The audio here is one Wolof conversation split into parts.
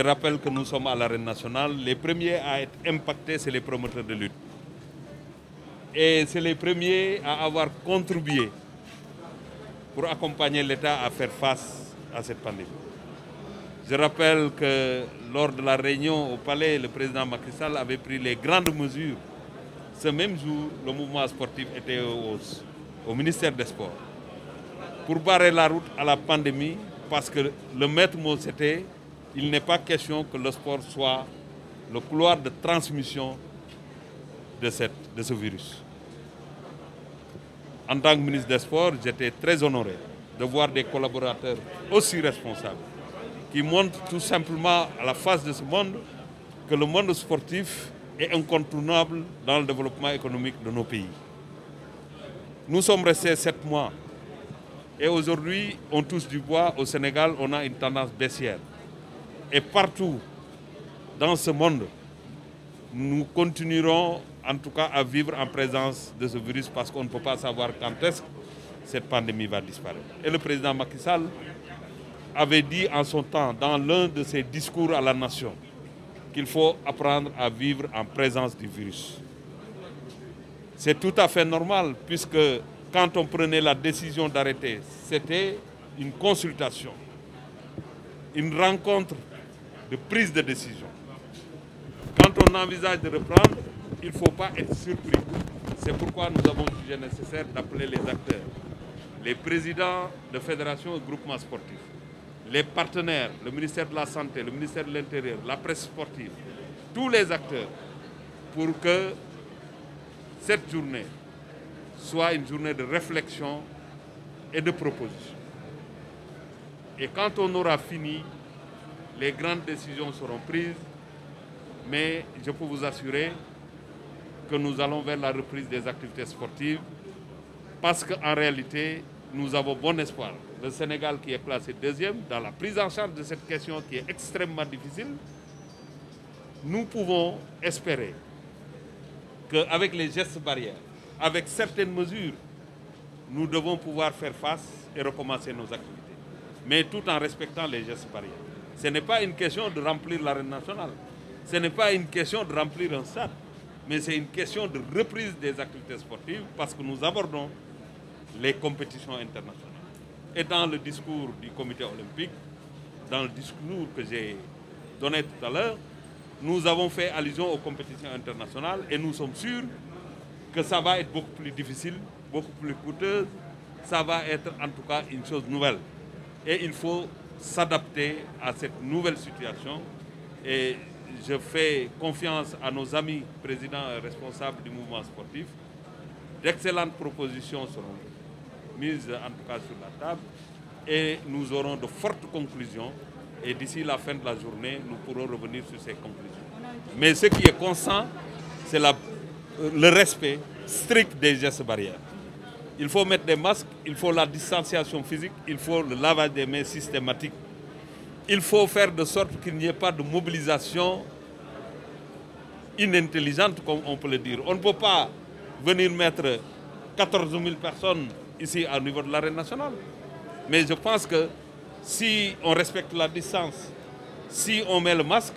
Je rappelle que nous sommes à l'arène nationale. Les premiers à être impactés, c'est les promoteurs de lutte. Et c'est les premiers à avoir contribué pour accompagner l'État à faire face à cette pandémie. Je rappelle que lors de la réunion au palais, le président Macky Sall avait pris les grandes mesures. Ce même jour, le mouvement sportif était au, au ministère des Sports pour barrer la route à la pandémie parce que le maître mot c'était il n'est pas question que le sport soit le couloir de transmission de, cette, de ce virus. En tant que ministre des Sports, j'étais très honoré de voir des collaborateurs aussi responsables qui montrent tout simplement à la face de ce monde que le monde sportif est incontournable dans le développement économique de nos pays. Nous sommes restés sept mois et aujourd'hui, on tous du bois. Au Sénégal, on a une tendance baissière. et partout dans ce monde, nous continuerons en tout cas à vivre en présence de ce virus parce qu'on ne peut pas savoir quand est-ce que cette pandémie va disparaître. Et le président Macky Sall avait dit en son temps, dans l'un de ses discours à la nation, qu'il faut apprendre à vivre en présence du virus. C'est tout à fait normal puisque quand on prenait la décision d'arrêter, c'était une consultation, une rencontre de prise de décision. Quand on envisage de reprendre, il ne faut pas être surpris. C'est pourquoi nous avons jugé nécessaire d'appeler les acteurs, les présidents de fédérations et groupements sportifs, les partenaires, le ministère de la Santé, le ministère de l'Intérieur, la presse sportive, tous les acteurs, pour que cette journée soit une journée de réflexion et de proposition. Et quand on aura fini les grandes décisions seront prises, mais je peux vous assurer que nous allons vers la reprise des activités sportives parce qu'en réalité, nous avons bon espoir. Le Sénégal qui est classé deuxième dans la prise en charge de cette question qui est extrêmement difficile, nous pouvons espérer qu'avec les gestes barrières, avec certaines mesures, nous devons pouvoir faire face et recommencer nos activités, mais tout en respectant les gestes barrières. Ce n'est pas une question de remplir l'arène nationale. Ce n'est pas une question de remplir un stade. Mais c'est une question de reprise des activités sportives parce que nous abordons les compétitions internationales. Et dans le discours du comité olympique, dans le discours que j'ai donné tout à l'heure, nous avons fait allusion aux compétitions internationales et nous sommes sûrs que ça va être beaucoup plus difficile, beaucoup plus coûteuse. Ça va être en tout cas une chose nouvelle. Et il faut s'adapter à cette nouvelle situation. Et je fais confiance à nos amis présidents et responsables du mouvement sportif. D'excellentes propositions seront mises en tout cas sur la table et nous aurons de fortes conclusions. Et d'ici la fin de la journée, nous pourrons revenir sur ces conclusions. Mais ce qui est constant, c'est euh, le respect strict des gestes barrières. Il faut mettre des masques, il faut la distanciation physique, il faut le lavage des mains systématique. Il faut faire de sorte qu'il n'y ait pas de mobilisation inintelligente, comme on peut le dire. On ne peut pas venir mettre 14 000 personnes ici au niveau de l'arène nationale. Mais je pense que si on respecte la distance, si on met le masque,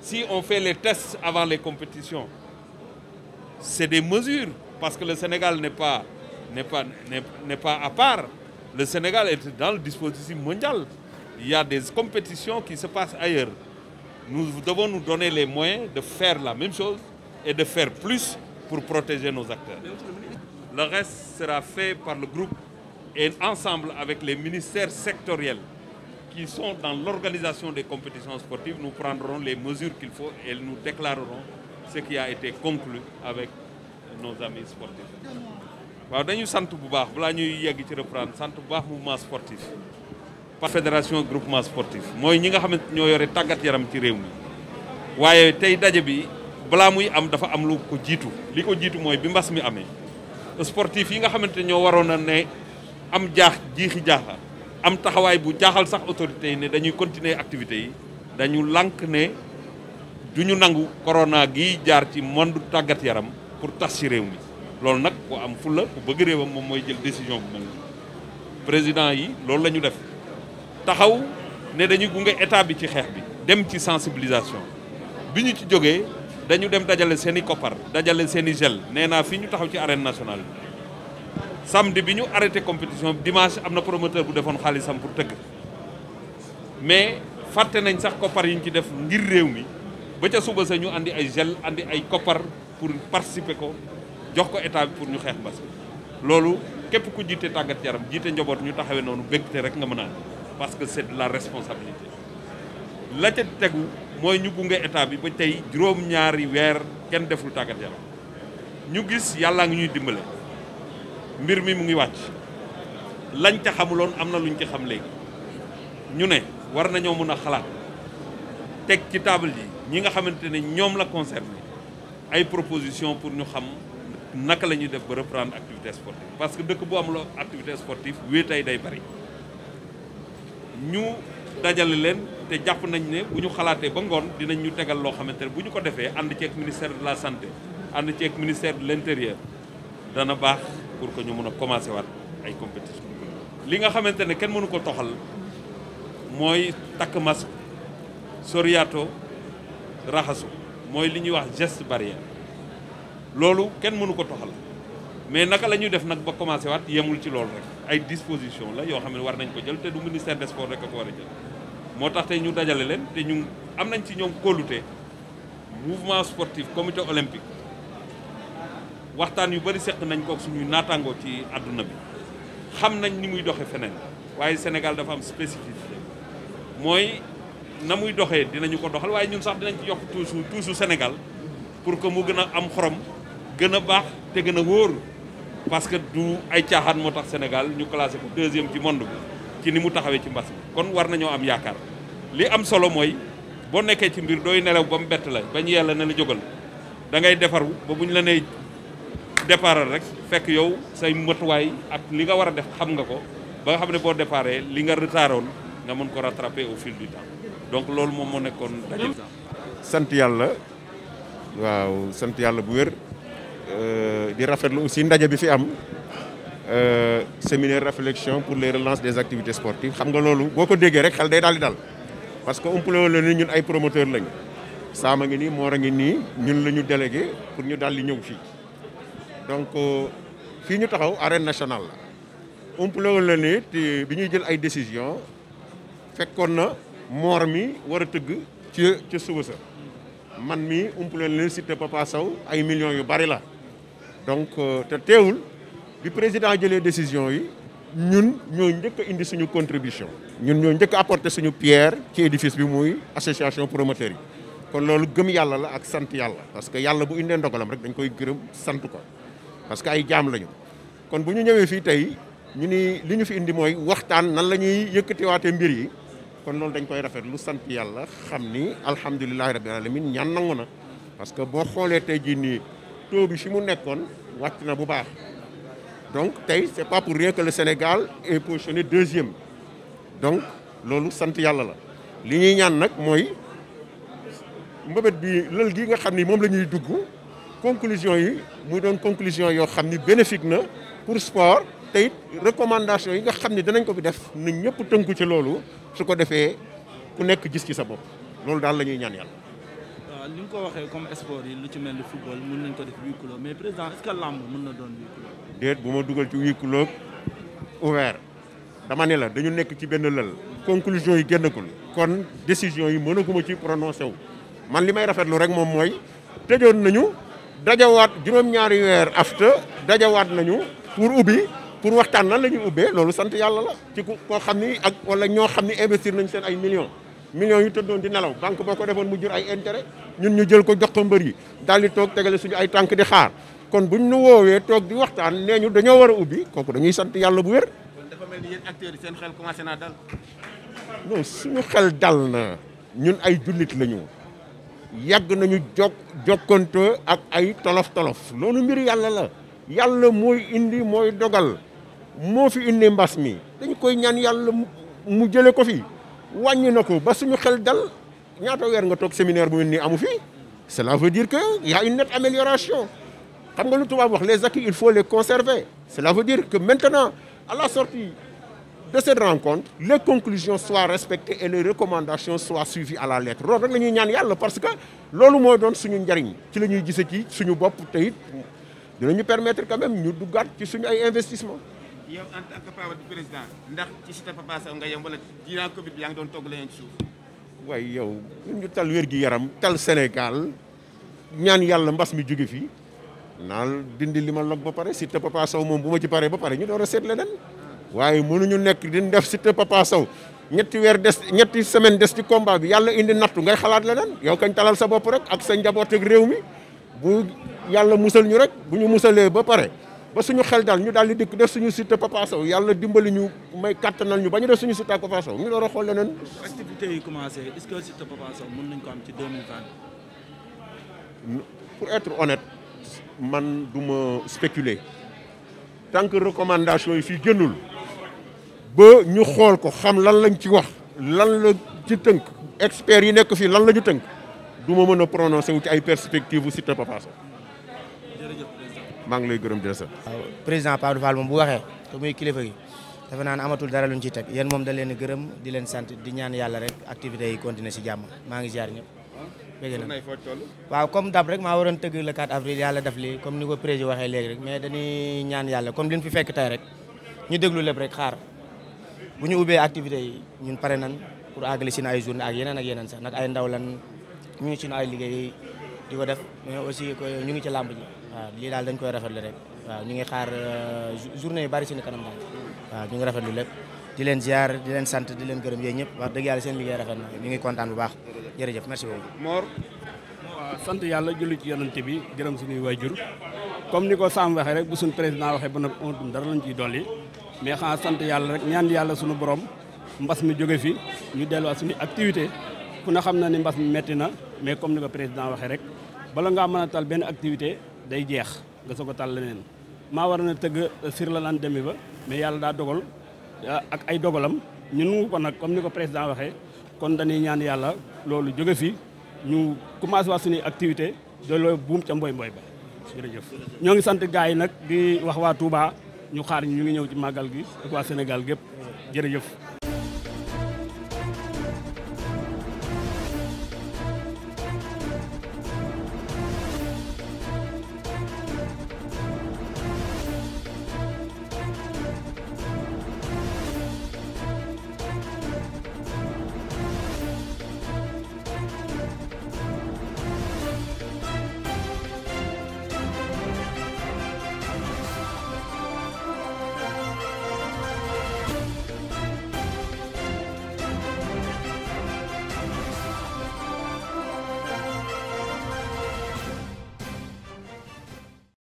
si on fait les tests avant les compétitions, c'est des mesures, parce que le Sénégal n'est pas n'est pas, n'est pas à part. Le Sénégal est dans le dispositif mondial. Il y a des compétitions qui se passent ailleurs. Nous devons nous donner les moyens de faire la même chose et de faire plus pour protéger nos acteurs. Le reste sera fait par le groupe et ensemble avec les ministères sectoriels qui sont dans l'organisation des compétitions sportives. Nous prendrons les mesures qu'il faut et nous déclarerons ce qui a été conclu avec nos amis sportifs. waaw dañu sant bu baax balaa ñuy yegg ci reprendre sant bu baax mouvement sportif par fédération groupement sportif mooy ñi nga xamante ñoo yore tàggat yaram ci réew mi waaye tey daje bi balaa muy am dafa am lu ko jiitu li ko jiitu mooy bi mbas mi amee sportif yi nga xamante ñoo waroon a ne am jaax jiixi jaaxa am taxawaay bu jaaxal sax autorités yi ne dañuy continuer activité yi dañu lànk ne duñu ñu nangu corona gi jaar ci monde tàggat yaram pour tas ci réew mi loolu nag ku am fulla ku bëgg réewam moom mooy jël décision bu mel président yi loolu la ñu def taxaw ne dañuy gunge état bi ci xeex bi dem ci sensibilisation bi ñu ci jógee dañu dem dajale seen i koppar dajale seen i gel nee naa fii ñu taxaw ci arène nationale bi samedi bi ñu arrêté compétition dimanche am na promoteur bu defoon xaalisam pour tëgg mais fàtte nañ sax koppar yi ñu ci def ngir réew mi ba ca suba sa ñu andi ay gel andi ay koppar pour participer ko jox ko état bi pour ñu xeex mbas loolu képp ku jiite tàggat yaram jiite njaboot ñu taxawee noonu bégte rek nga mën a parce que c'est la responsabilité la ca tegu mooy ñu gunge état bi ba tey juróom-ñaari weer kenn deful tàggat yaram ñu gis yàllaa ngi ñuy dimbale mbir mi mu ngi wàcc lañ ca xamuloon am na luñ ci xam léegi ñu ne war nañoo mën a xalaat teg ci table yi ñi nga xamante ne ñoom la concerné ay proposition pour ñu xam naka la ñuy def ba reprendre activité sportive parce que dëkk bu amuloo activité sportive wéetaay day bari ñu dajale leen te jàpp nañ ne bu ñu xalaatee ba ngoon dinañ ñu tegal loo xamante ne bu ñu ko defee ànd ceeg ministère de la santé ànd ceeg ministère de l'intérieur dana baax pour que ñu mën a commencer waat ay compétition li nga xamante ne kenn mënu ko toxal mooy takk masque soriato raxasu mooy li ñuy wax geste barrière loolu kenn mënu ko toxal mais naka la ñuy def nag ba commencé waat yemul ci lool rek ay disposition la yoo xam ne war nañ ko jël te du ministère des sports rek a ko war a jël moo tax tey ñu dajale leen te ñu am nañ ci ñoom kóolute mouvement sportif comité olympique waxtaan yu bëri seq nañ ko suñuy naataangoo ci àdduna bi xam nañ ni muy doxe feneen waaye Sénégal dafa am spécificité mooy na muy doxee dinañu ko doxal waaye ñun sax dinañ ci yokk toujours toujours Sénégal pour que mu gën a am xorom gën a baax te gën a wóor parce que du ay caaxaan moo tax Sénégal ñu classé ko deuxième ci monde bi ci ni mu taxawee ci mbas mi kon war nañoo am yaakaar li am solo mooy boo nekkee ci mbir dooy nelaw ba mu bett la bañ yàlla ne la jógal dangay ngay defaru ba bu ñu la nee départal rek fekk yow say matuwaay ak li nga war a def xam nga ko ba nga xam ne boo déparé li nga retardé nga mën ko rattraper au fil du temps donc loolu moom moo nekkoon daje. sant yàlla waaw sant yàlla bu wér. Euh, di rafetlu aussi ndaje bi fi am euh, séminaire réflexion pour les relances des activités sportives xam nga loolu boo ko déggee rek xel day daal di dal parce que umpale la ni ñun ay promoteur lañu saama ngi nii moor a ngi nii ñun la ñu délégué pour ñu daal di ñëw fii donc euh, fii ñu taxaw arène national la umpale la ni bi ñuy jël ay décision fekkoon na moor mi war a tëgg ci ci suba sa man mi umpale la ni Siteu Papa Sow ay millions yu bari la donc euh, te teewul bi président jëlee décision yi ñun ñoo njëkk a indi suñu contribution ñun ñoo njëkk a suñu pierre ci édifice bi muy association promoteurs yi kon loolu gëm yàlla la ak sant yàlla parce que yàlla bu indee ndogalam rek dañ koy gërëm sant ko parce que ay jaam lañu kon bu ñu ñëwee fii tey ñu ni li ñu fi indi mooy waxtaan nan la ñuy yëkkatiwaatee mbir yi kon loolu dañ koy rafet lu sant yàlla xam ni alhamdulilahi rabbil alamin ñaan nangu na parce que boo xoolee tey jii nii taux bi fi mu nekkoon wàcc na bu baax donc tey c'est pas pour rien que le Sénégal est positionné deuxième donc loolu sant yàlla la li ñuy ñaan nag mooy mbëbët bi lël gi nga xam ni moom la ñuy dugg conclusion yi muy doon conclusion yoo xam ni bénéfique na pour sport te it recommandation yi nga xam ni danañ ko fi def na ñëpp tënku ci loolu su ko defee ku nekk gis ci sa bopp loolu daal la ñuy ñaan yàlla ni nga ko waxee comme sport yi lu ci mel ni football mun nañ ko def huis clos mais président est-ce que làmb mën na doon huis clos. déet bu ma dugal ci huis ouvert dama ne la dañu nekk ci benn lël. conclusion yi génnagul. kon décision yi mënaguma ci prononcé wu. man li may rafetlu rek moom mooy tëjoon nañu dajawaat juróom-ñaari weer afta dajawaat nañu pour ubbi pour waxtaan nan la ñuy ubbee loolu sant yàlla la ci ku koo xam ni ak wala ñoo xam ni investir nañ seen ay millions. millions yu tëddoon di nelaw banque boo ko defoon mu jur ay intérêt ñun ñu jël ko jox ko mbër yi daal di toog tegale suñu ay tànk di xaar kon bu ñu nu woowee toog di waxtaan nee ñu dañoo war a ubbi kooku dañuy sant yàlla bu wér. kon mel ni yéen yi seen xel commencé naa dal. suñu xel dal na ñun ay jullit lañu yàgg nañu jok jokkante ak ay tolof tolof loolu mbir yàlla la yàlla mooy indi mooy dogal moo fi indi mbas mi dañ koy ñaan yàlla mu jële ko fii wàññi na ko ba suñu xel dal ñaata weer nga toog séminaire bu mel nii amu fi cela veut dire que ya a une nette amélioration xam nga lu tubaab wax les acquis il faut les conserver cela veut dire que maintenant à la sortie de cette rencontre les conclusions soient respectées et les recommandations soient suivies à la lettre loolu rek la ñuy ñaan yàlla parce que loolu mooy doon suñu njariñ ci la ñuy gise ci suñu bopp te it ñu permettre quand même ñu duggaat ci suñu ay investissement yow en président ndax ci Siteu nga yem wala dinaa bi yaa ngi doon togg leneen ci suuf. yow ñu tal wér gi yaram tal Sénégal ñaan yàlla mbas mi jóge fi naal dindi li ma log ba pare Siteu Papa Sow moom bu ma ci paree ba pare ñu door a seet leneen. waaye ñu nekk di def si Papa Sow ñetti weer des ñetti semaine des ci combat bi yàlla indi nattu ngay xalaat leneen yow kañ talal sa bopp rek ak sa njaboot ak réew mi bu yàlla musal ñu rek bu ñu musalee ba pare. ba suñu xel daal ñu daal di dikk def suñu site Papa Sow yàlla dimbali ñu may kattanal ñu ba ñu def suñu site Papa Sow ñu door a xool leneen. commencé est-ce que site Papa Sow mën nañ ko pour être honnête man du ma spéculer tant que recommandation yi fii jëndul ba ñu xool ko xam lan lañ ci wax lan la ci tënk experts yi nekk fii lan la ñu tënk du ma mën a prononcer wu ci ay perspectives site Papa Sow maa ngi lay gërëm di la sant. waaw président Pape Fall moom bu waxee te muy kilifa dafa naan amatul dara luñ ci teg yéen moom da leen gërëm di leen sant di ñaan yàlla rek activités yi continuer si jàmm maa ngi ziar ñëpp. waaw comme dab rek maa waroon tëgg le 4 avril yàlla def li comme ni ko président waxee léegi rek mais dañuy ñaan yàlla comme li fi fekk tey rek ñu déglu lépp rek xaar bu ñu ubbee activités yi ñun pare nan pour àggali si ay journée ak yeneen ak yeneen sax nag ay ndaw lan ñu ngi suñu ay liggéey di ko def mais aussi ñu ngi ci làmb ji waaw lii daal dañ koy rafetlu rek waaw ñu ngi xaar euh, journée yu bari suñu kanam daal waaw ñu ngi rafetlu lépp di leen ziar di leen sant di leen gërëm yéen ñëpp wax dëgg yàlla seen liggéey rafet na ñu ngi kontaan bu baax jërëjëf merci beaucoup. Mor waaw sant yàlla julli ci yonante bi gërëm suñuy waajur comme ni ko Sam waxee rek bu suñu président waxee ba noppi on dara lañ ciy dolli mais xanaa sant yàlla rek ñaan yàlla suñu borom mbas mi jóge fi ñu delluwaat suñu activité ku na xam na ni mbas mi metti na mais comme ni ko président waxee rek bala ngaa mën a benn activité day jeex nga soo a tàll leneen maa war na tëgg sur la lan demi ba mais yàlla daa dogal eh, ak ay dogalam ñun ko nag comme ni ko président waxee kon dañuy ñaan yàlla loolu jóge fi ñu commencé waa suñuy activité dooloo buum ca mbooy mboy ba jërëjëf ñoo ngi sant gars yi nag di wax waa tuubaa ñu xaar ñu ñu ngi ñëw ci màggal gi ak waa Sénégal gépp jërëjëf